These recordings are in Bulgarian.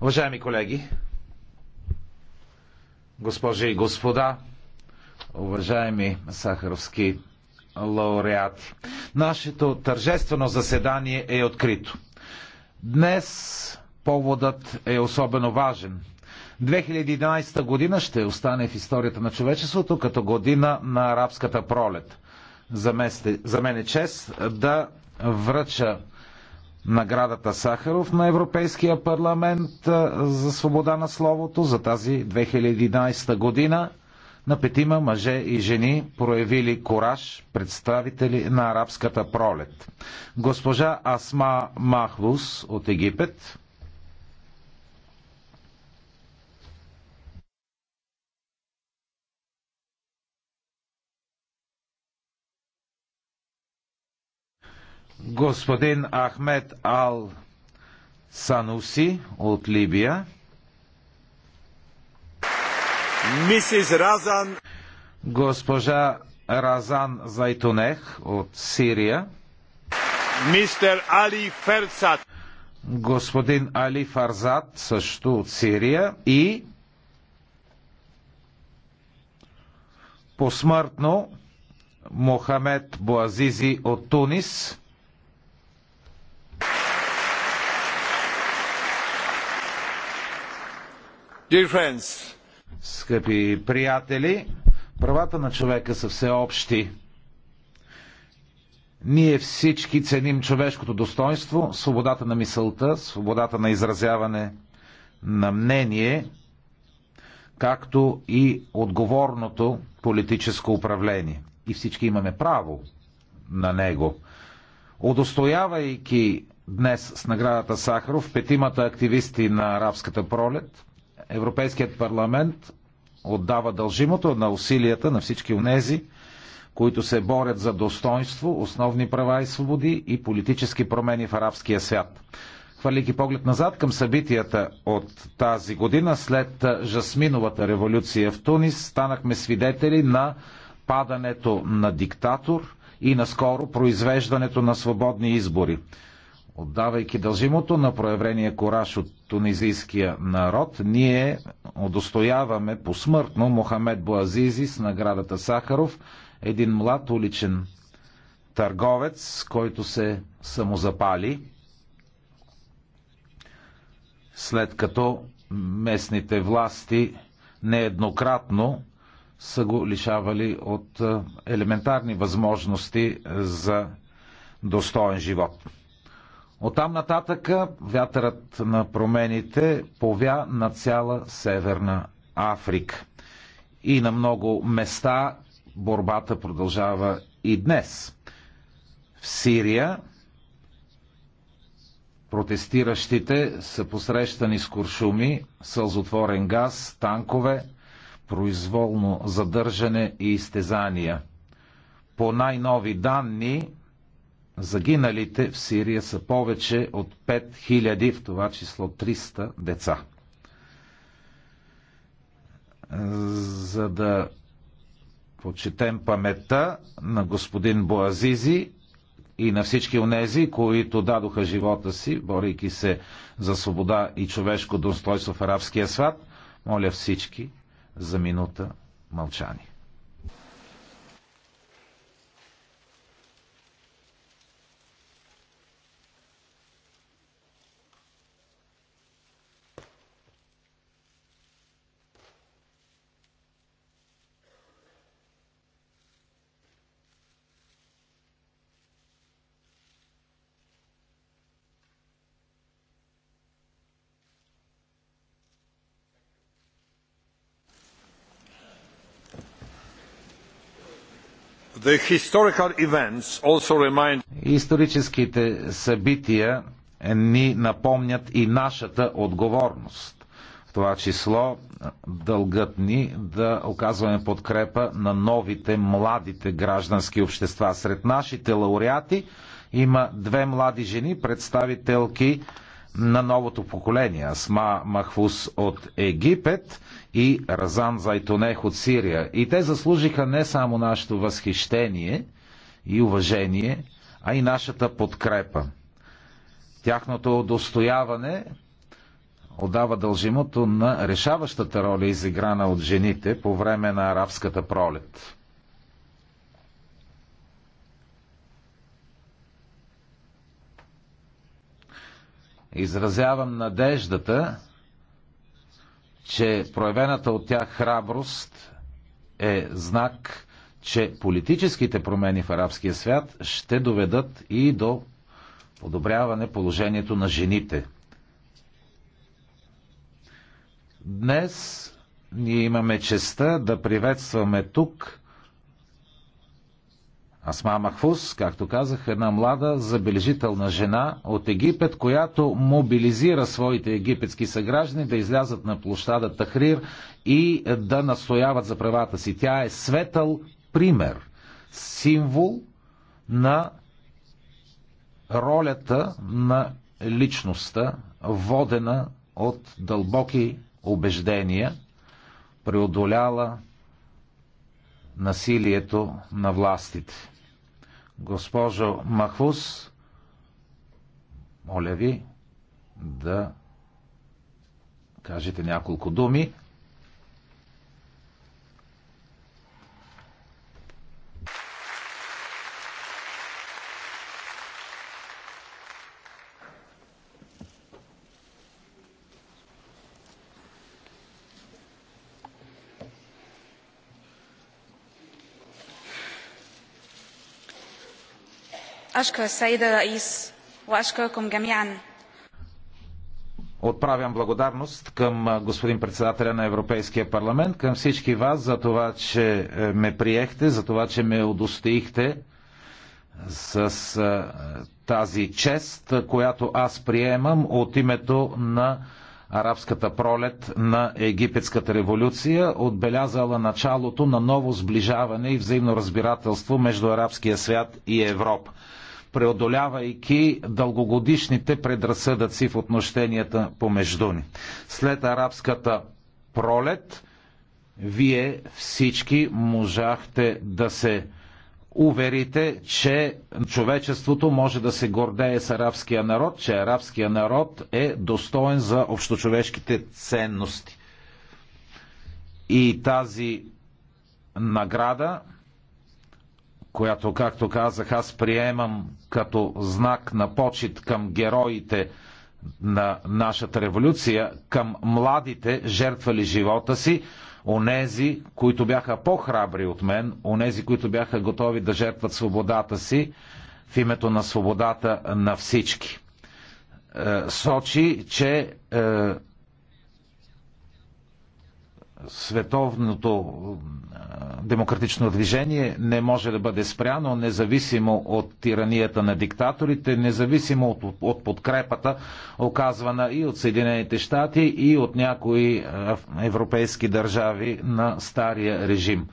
Уважаеми колеги, госпожи и господа, уважаеми сахаровски лауреати, нашето тържествено заседание е открито. Днес поводът е особено важен. 2011 година ще остане в историята на човечеството като година на арабската пролет. За мен е чест да връча наградата Сахаров на Европейския парламент за свобода на словото за тази 2011 година на петима мъже и жени проявили кораж представители на арабската пролет. Госпожа Асма Махвус от Египет, господин Ахмед Ал Сануси от Либия. Мисис Разан. Госпожа Разан Зайтунех от Сирия. Мистер Али Ферцат. Господин Али Фарзат също от Сирия и посмъртно Мохамед Боазизи от Тунис. Скъпи приятели, правата на човека са всеобщи. Ние всички ценим човешкото достоинство, свободата на мисълта, свободата на изразяване на мнение, както и отговорното политическо управление. И всички имаме право на него. Удостоявайки днес с наградата Сахаров петимата активисти на арабската пролет – Европейският парламент отдава дължимото на усилията на всички унези, които се борят за достоинство, основни права и свободи и политически промени в арабския свят. Хвалики поглед назад към събитията от тази година, след Жасминовата революция в Тунис, станахме свидетели на падането на диктатор и наскоро произвеждането на свободни избори отдавайки дължимото на проявление кораж от тунизийския народ, ние удостояваме посмъртно Мохамед Боазизи с наградата Сахаров, един млад уличен търговец, който се самозапали, след като местните власти нееднократно са го лишавали от елементарни възможности за достоен живот. Оттам нататък вятърът на промените повя на цяла Северна Африка. И на много места борбата продължава и днес. В Сирия протестиращите са посрещани с куршуми, сълзотворен газ, танкове, произволно задържане и изтезания. По най-нови данни, загиналите в Сирия са повече от 5000, в това число 300 деца. За да почетем паметта на господин Боазизи и на всички онези, които дадоха живота си, борейки се за свобода и човешко достоинство в арабския свят, моля всички за минута мълчание. Историческите събития ни напомнят и нашата отговорност. В това число дългът ни да оказваме подкрепа на новите, младите граждански общества. Сред нашите лауреати има две млади жени, представителки на новото поколение. Асма Махвус от Египет и Разан Зайтонех от Сирия. И те заслужиха не само нашето възхищение и уважение, а и нашата подкрепа. Тяхното удостояване отдава дължимото на решаващата роля, изиграна от жените по време на арабската пролет. Изразявам надеждата, че проявената от тях храброст е знак, че политическите промени в арабския свят ще доведат и до подобряване положението на жените. Днес ние имаме честа да приветстваме тук Асма Махфус, както казах, една млада, забележителна жена от Египет, която мобилизира своите египетски съграждани да излязат на площада Тахрир и да настояват за правата си. Тя е светъл пример, символ на ролята на личността, водена от дълбоки убеждения, преодоляла насилието на властите. Госпожо Махвус, моля ви да кажете няколко думи. Отправям благодарност към господин председателя на Европейския парламент, към всички вас за това, че е, ме приехте, за това, че ме удостоихте с тази чест, която аз приемам от името на арабската пролет на египетската революция, отбелязала началото на ново сближаване и взаимно разбирателство между арабския свят и Европа преодолявайки дългогодишните предразсъдъци в отношенията помежду ни. След арабската пролет, вие всички можахте да се уверите, че човечеството може да се гордее с арабския народ, че арабския народ е достоен за общочовешките ценности. И тази награда която, както казах, аз приемам като знак на почет към героите на нашата революция, към младите, жертвали живота си, онези, които бяха по-храбри от мен, онези, които бяха готови да жертват свободата си в името на свободата на всички. Е, сочи, че е, световното демократично движение не може да бъде спряно, независимо от тиранията на диктаторите, независимо от, от подкрепата, оказвана и от Съединените щати, и от някои европейски държави на стария режим.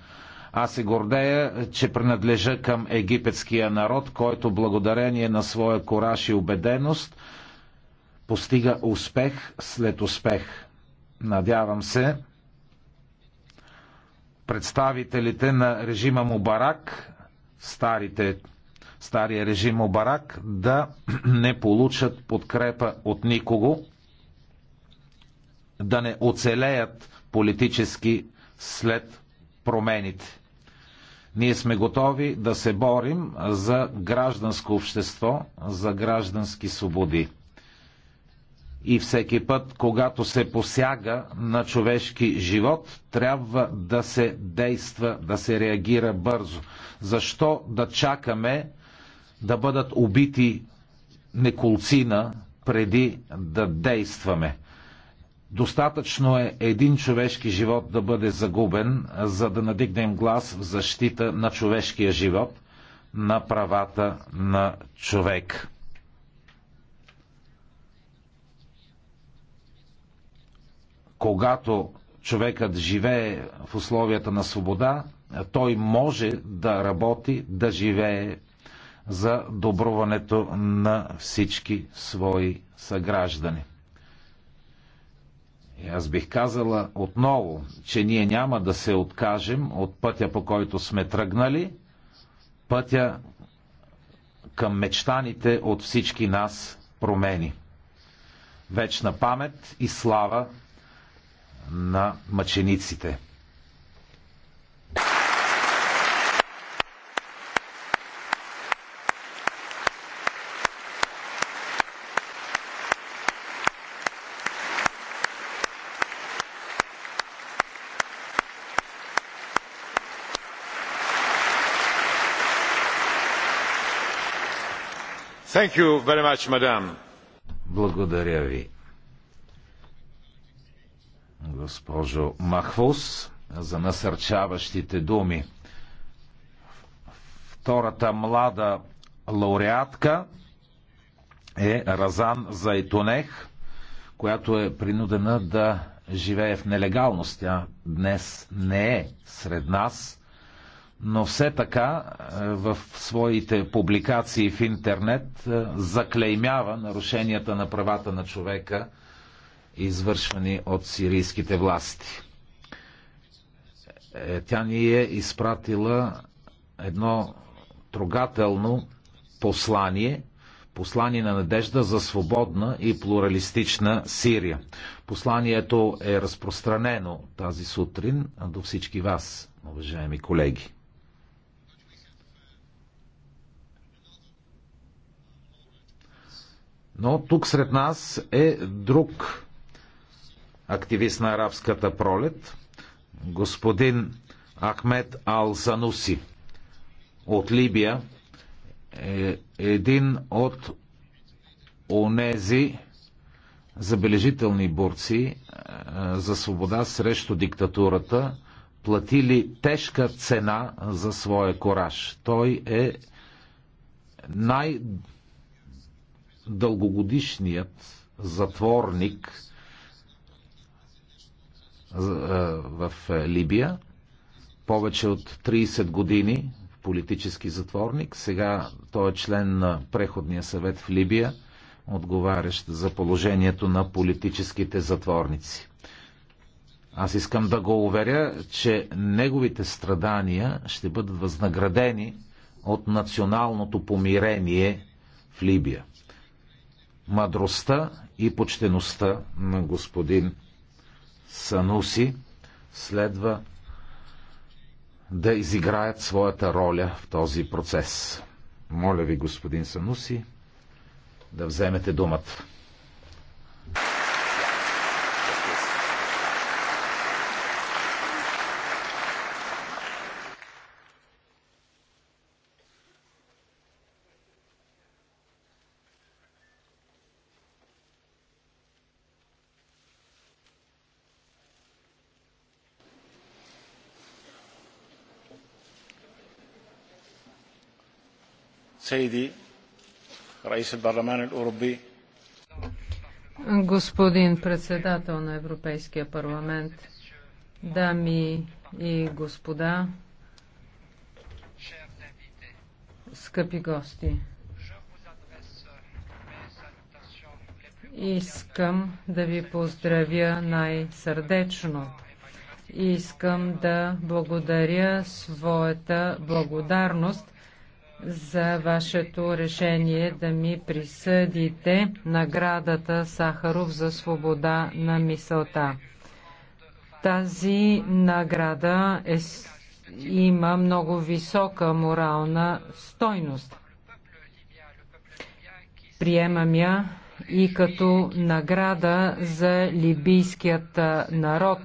Аз се гордея, че принадлежа към египетския народ, който благодарение на своя кораж и убеденост постига успех след успех. Надявам се, представителите на режима Мубарак, старите, стария режим Мубарак, да не получат подкрепа от никого, да не оцелеят политически след промените. Ние сме готови да се борим за гражданско общество, за граждански свободи. И всеки път, когато се посяга на човешки живот, трябва да се действа, да се реагира бързо. Защо да чакаме да бъдат убити неколцина преди да действаме? Достатъчно е един човешки живот да бъде загубен, за да надигнем глас в защита на човешкия живот, на правата на човек. когато човекът живее в условията на свобода, той може да работи, да живее за добруването на всички свои съграждани. И аз бих казала отново, че ние няма да се откажем от пътя, по който сме тръгнали, пътя към мечтаните от всички нас промени. Вечна памет и слава на мъчениците. Thank you very Much, madam. Благодаря ви госпожо Махвус, за насърчаващите думи. Втората млада лауреатка е Разан Зайтонех, която е принудена да живее в нелегалност. Тя днес не е сред нас, но все така е, в своите публикации в интернет е, заклеймява нарушенията на правата на човека – извършвани от сирийските власти. Е, тя ни е изпратила едно трогателно послание, послание на надежда за свободна и плуралистична Сирия. Посланието е разпространено тази сутрин до всички вас, уважаеми колеги. Но тук сред нас е друг активист на арабската пролет, господин Ахмед ал зануси от Либия, е един от онези забележителни борци е, за свобода срещу диктатурата, платили тежка цена за своя кораж. Той е най-дългогодишният затворник в е, е, Либия, повече от 30 години политически затворник. Сега той е член на Преходния съвет в Либия, отговарящ за положението на политическите затворници. Аз искам да го уверя, че неговите страдания ще бъдат възнаградени от националното помирение в Либия. Мъдростта и почтеността на господин Сануси следва да изиграят своята роля в този процес. Моля ви, господин Сануси, да вземете думата. Господин председател на Европейския парламент, дами и господа, скъпи гости, искам да ви поздравя най-сърдечно. Искам да благодаря своята благодарност – за вашето решение да ми присъдите наградата Сахаров за свобода на мисълта. Тази награда е, има много висока морална стойност. Приемам я и като награда за либийският народ,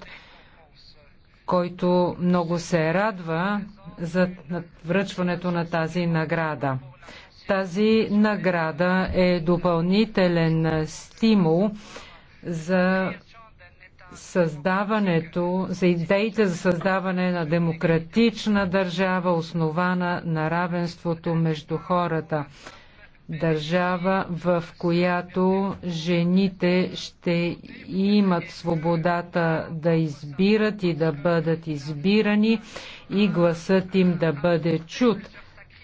който много се радва, за връчването на тази награда. Тази награда е допълнителен стимул за създаването, за идеите за създаване на демократична държава, основана на равенството между хората. Държава, в която жените ще имат свободата да избират и да бъдат избирани и гласът им да бъде чут,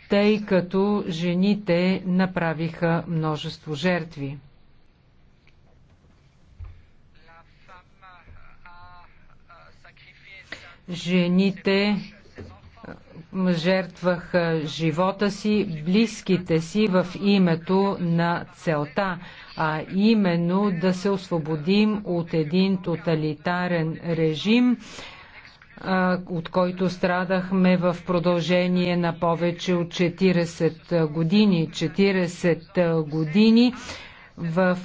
тъй като жените направиха множество жертви. Жените жертваха живота си, близките си в името на целта, а именно да се освободим от един тоталитарен режим, от който страдахме в продължение на повече от 40 години. 40 години, в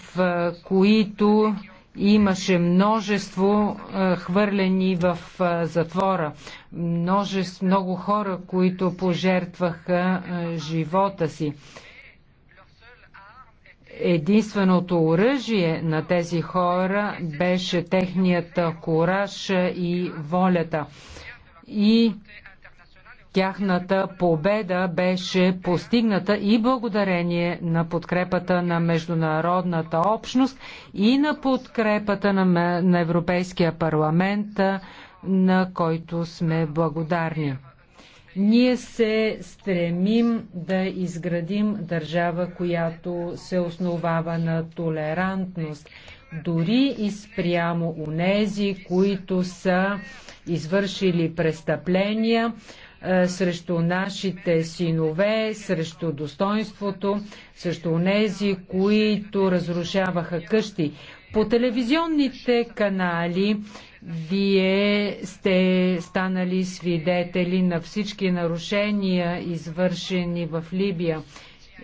които имаше множество хвърлени в затвора. Множество, много хора, които пожертваха живота си единственото оръжие на тези хора беше техният кораж и волята. И тяхната победа беше постигната и благодарение на подкрепата на международната общност и на подкрепата на, на Европейския парламент, на който сме благодарни. Ние се стремим да изградим държава, която се основава на толерантност, дори и спрямо унези, които са извършили престъпления е, срещу нашите синове, срещу достоинството, срещу унези, които разрушаваха къщи. По телевизионните канали вие сте станали свидетели на всички нарушения, извършени в Либия.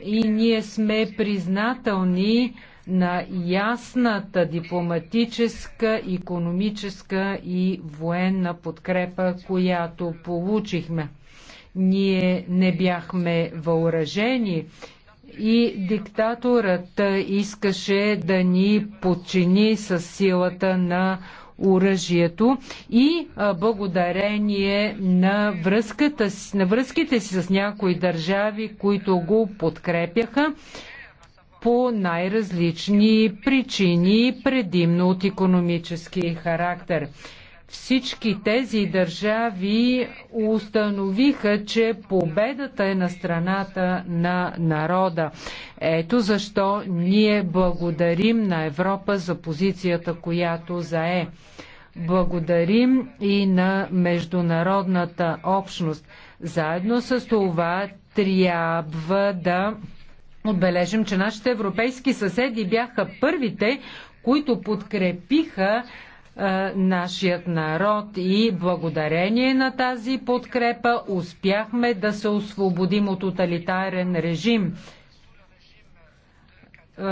И ние сме признателни на ясната дипломатическа, економическа и военна подкрепа, която получихме. Ние не бяхме въоръжени и диктаторът искаше да ни подчини с силата на оръжието и благодарение на, връзката, на връзките си с някои държави, които го подкрепяха по най-различни причини, предимно от економически характер. Всички тези държави установиха, че победата е на страната на народа. Ето защо ние благодарим на Европа за позицията, която зае. Благодарим и на международната общност. Заедно с това трябва да отбележим, че нашите европейски съседи бяха първите, които подкрепиха е, нашият народ и благодарение на тази подкрепа успяхме да се освободим от тоталитарен режим. Е,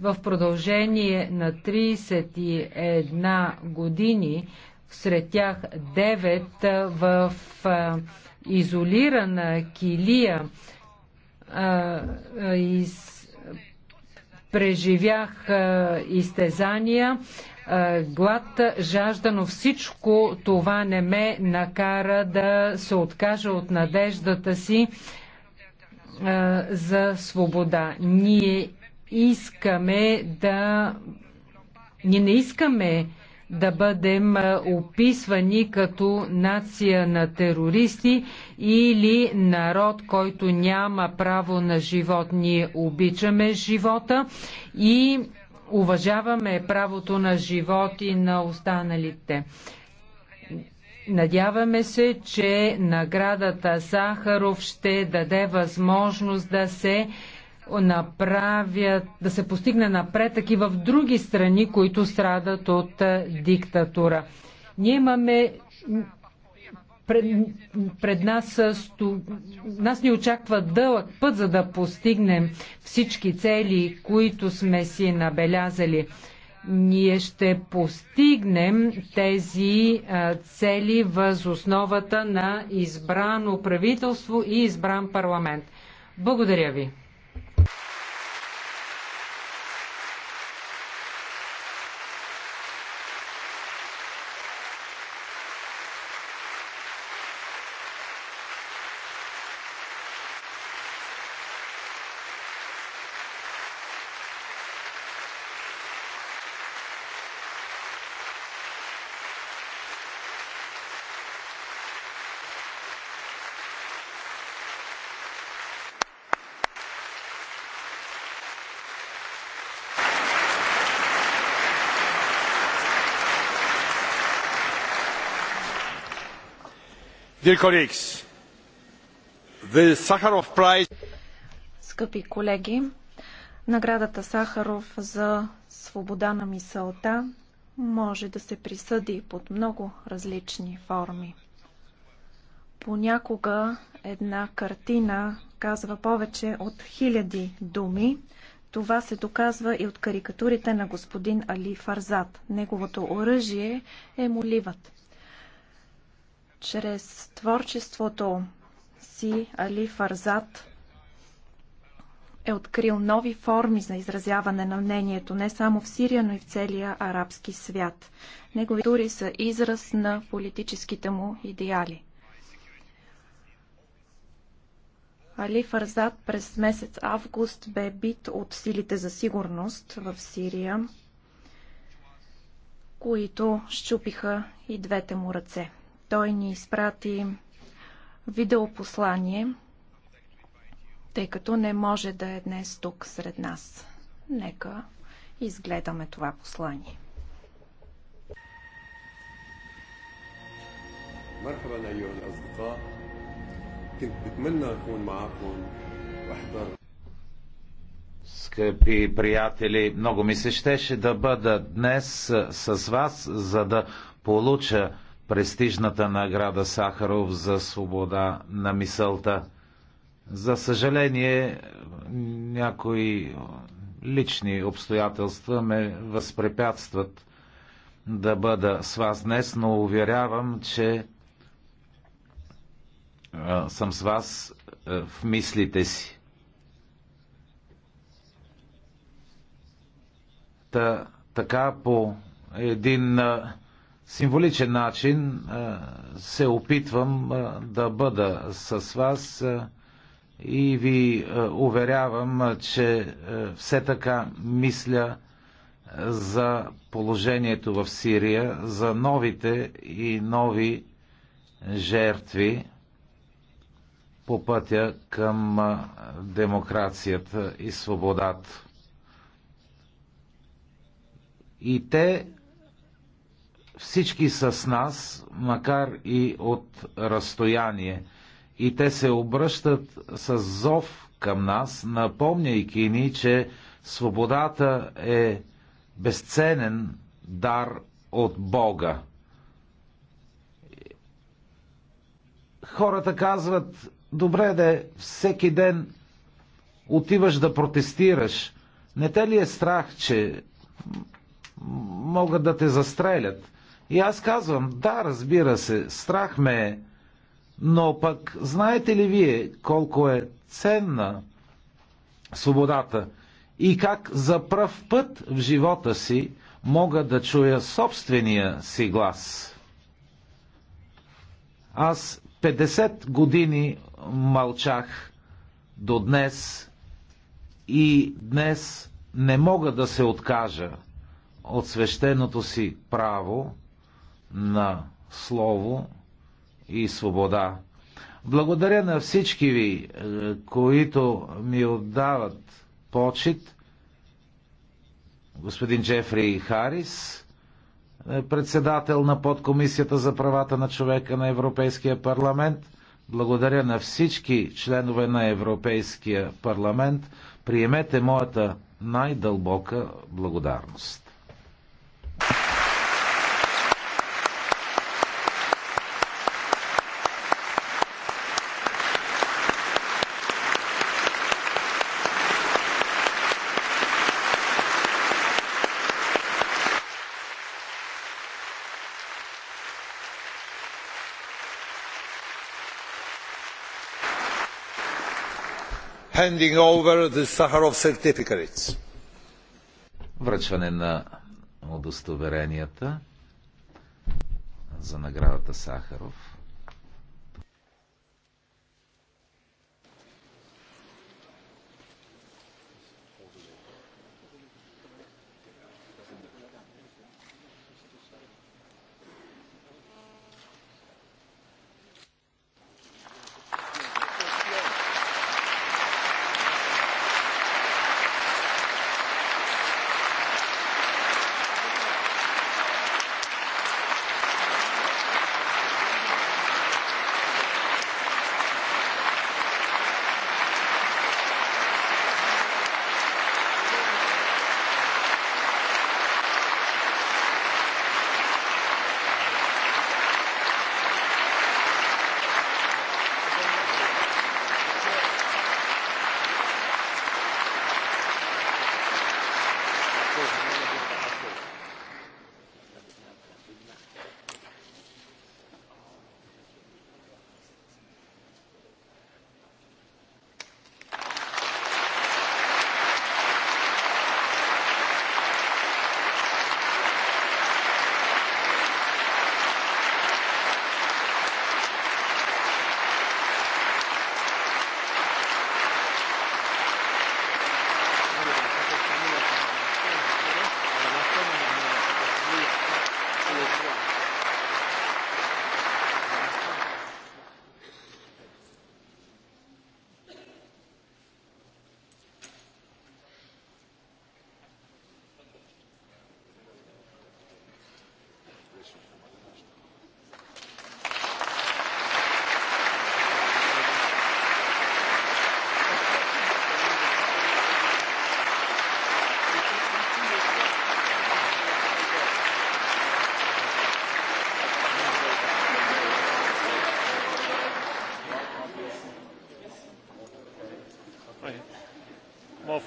в продължение на 31 години, сред тях 9 в е, изолирана килия а, из, преживях а, изтезания, а, глад, жажда, но всичко това не ме накара да се откажа от надеждата си а, за свобода. Ние искаме да. Ние не искаме да бъдем описвани като нация на терористи или народ, който няма право на живот. Ние обичаме живота и уважаваме правото на живот и на останалите. Надяваме се, че наградата Сахаров ще даде възможност да се направят, да се постигне напредък и в други страни, които страдат от диктатура. Ние имаме пред, пред нас, сто, нас ни очаква дълъг път, за да постигнем всички цели, които сме си набелязали. Ние ще постигнем тези цели въз основата на избрано правителство и избран парламент. Благодаря ви. Скъпи колеги, наградата Сахаров за свобода на мисълта може да се присъди под много различни форми. Понякога една картина казва повече от хиляди думи. Това се доказва и от карикатурите на господин Али Фарзат. Неговото оръжие е моливът. Чрез творчеството си Али Фарзат е открил нови форми за изразяване на мнението не само в Сирия, но и в целия арабски свят. Негови тури са израз на политическите му идеали. Али Фарзат през месец август бе бит от силите за сигурност в Сирия, които щупиха и двете му ръце. Той ни изпрати видеопослание, тъй като не може да е днес тук сред нас. Нека изгледаме това послание. Скъпи приятели, много ми се щеше да бъда днес с вас, за да получа престижната награда Сахаров за свобода на мисълта. За съжаление, някои лични обстоятелства ме възпрепятстват да бъда с вас днес, но уверявам, че съм с вас в мислите си. Та, така по един символичен начин е, се опитвам е, да бъда с вас е, и ви уверявам, че все така мисля за положението в Сирия, за новите и нови жертви по пътя към демокрацията и свободата. И те всички с нас, макар и от разстояние. И те се обръщат с зов към нас, напомняйки ни, че свободата е безценен дар от Бога. Хората казват, добре де, всеки ден отиваш да протестираш. Не те ли е страх, че могат да те застрелят? И аз казвам, да, разбира се, страх ме е, но пък знаете ли вие колко е ценна свободата и как за пръв път в живота си мога да чуя собствения си глас? Аз 50 години мълчах до днес и днес не мога да се откажа от свещеното си право на слово и свобода. Благодаря на всички ви, е, които ми отдават почет. Господин Джефри Харис, е, председател на подкомисията за правата на човека на Европейския парламент. Благодаря на всички членове на Европейския парламент. Приемете моята най-дълбока благодарност. handing over the Sakharov certificates. Връчване на удостоверенията за наградата Сахаров.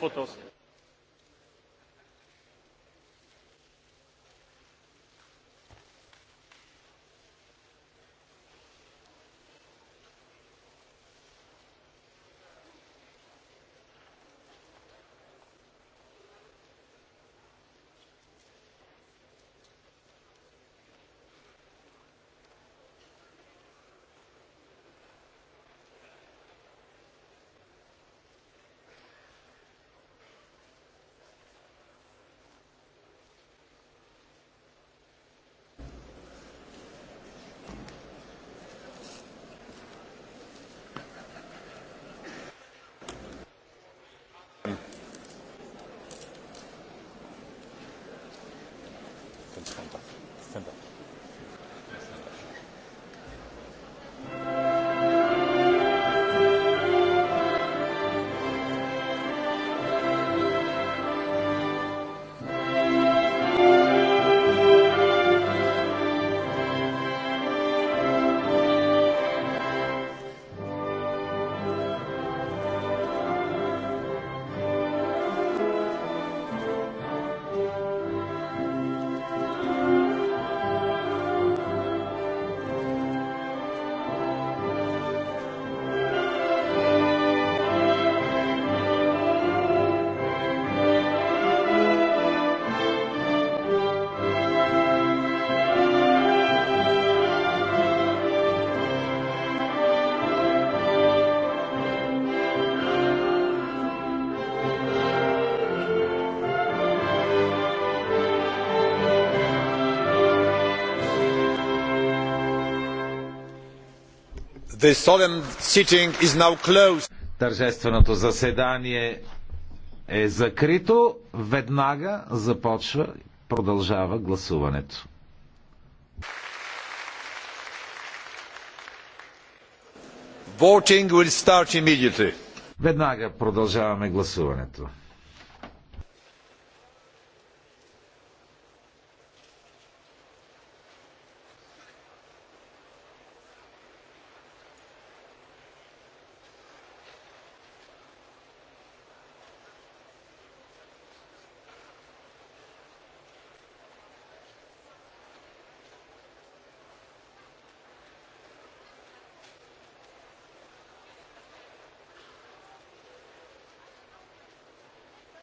fotos. The solemn sitting is now closed. Тържественото заседание е закрито. Веднага започва, продължава гласуването. Voting will start immediately. Веднага продължаваме гласуването.